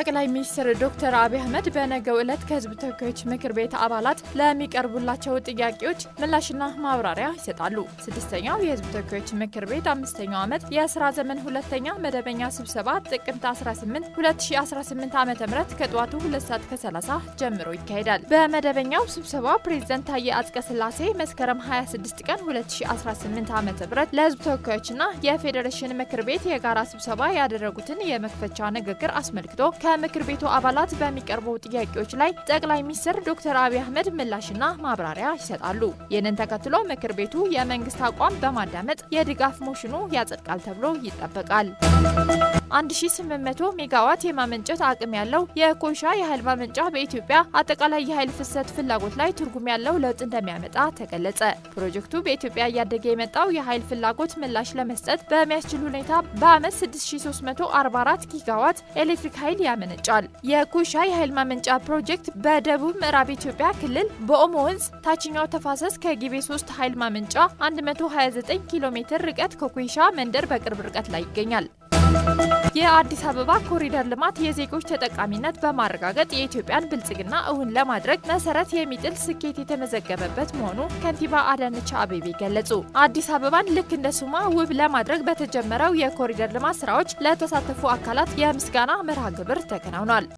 ጠቅላይ ሚኒስትር ዶክተር አብይ አህመድ በነገው ዕለት ከህዝብ ተወካዮች ምክር ቤት አባላት ለሚቀርቡላቸው ጥያቄዎች ምላሽና ማብራሪያ ይሰጣሉ። ስድስተኛው የህዝብ ተወካዮች ምክር ቤት አምስተኛው ዓመት የስራ ዘመን ሁለተኛ መደበኛ ስብሰባ ጥቅምት 18 2018 ዓ ም ከጠዋቱ 2 ሰዓት ከ30 ጀምሮ ይካሄዳል። በመደበኛው ስብሰባ ፕሬዝደንት ታዬ አጽቀ ሥላሴ መስከረም 26 ቀን 2018 ዓ ም ለህዝብ ተወካዮችና የፌዴሬሽን ምክር ቤት የጋራ ስብሰባ ያደረጉትን የመክፈቻ ንግግር አስመልክቶ ከምክር ቤቱ አባላት በሚቀርቡ ጥያቄዎች ላይ ጠቅላይ ሚኒስትር ዶክተር አብይ አህመድ ምላሽና ማብራሪያ ይሰጣሉ። ይህንን ተከትሎ ምክር ቤቱ የመንግስት አቋም በማዳመጥ የድጋፍ ሞሽኑ ያጸድቃል ተብሎ ይጠበቃል። 1800 ሜጋዋት የማመንጨት አቅም ያለው የኮይሻ የኃይል ማመንጫ በኢትዮጵያ አጠቃላይ የኃይል ፍሰት ፍላጎት ላይ ትርጉም ያለው ለውጥ እንደሚያመጣ ተገለጸ። ፕሮጀክቱ በኢትዮጵያ እያደገ የመጣው የኃይል ፍላጎት ምላሽ ለመስጠት በሚያስችል ሁኔታ በአመት 6344 ጊጋዋት ኤሌክትሪክ ኃይል ያመነጫል። የኩሻ የኃይል ማመንጫ ፕሮጀክት በደቡብ ምዕራብ ኢትዮጵያ ክልል በኦሞ ወንዝ ታችኛው ተፋሰስ ከጊቤ 3 ኃይል ማመንጫ 129 ኪሎ ሜትር ርቀት ከኩሻ መንደር በቅርብ ርቀት ላይ ይገኛል። የአዲስ አበባ ኮሪደር ልማት የዜጎች ተጠቃሚነት በማረጋገጥ የኢትዮጵያን ብልጽግና እውን ለማድረግ መሰረት የሚጥል ስኬት የተመዘገበበት መሆኑ ከንቲባ አዳነች አቤቤ ገለጹ። አዲስ አበባን ልክ እንደ ሱማ ውብ ለማድረግ በተጀመረው የኮሪደር ልማት ስራዎች ለተሳተፉ አካላት የምስጋና መርሃ ግብር ተከናውኗል።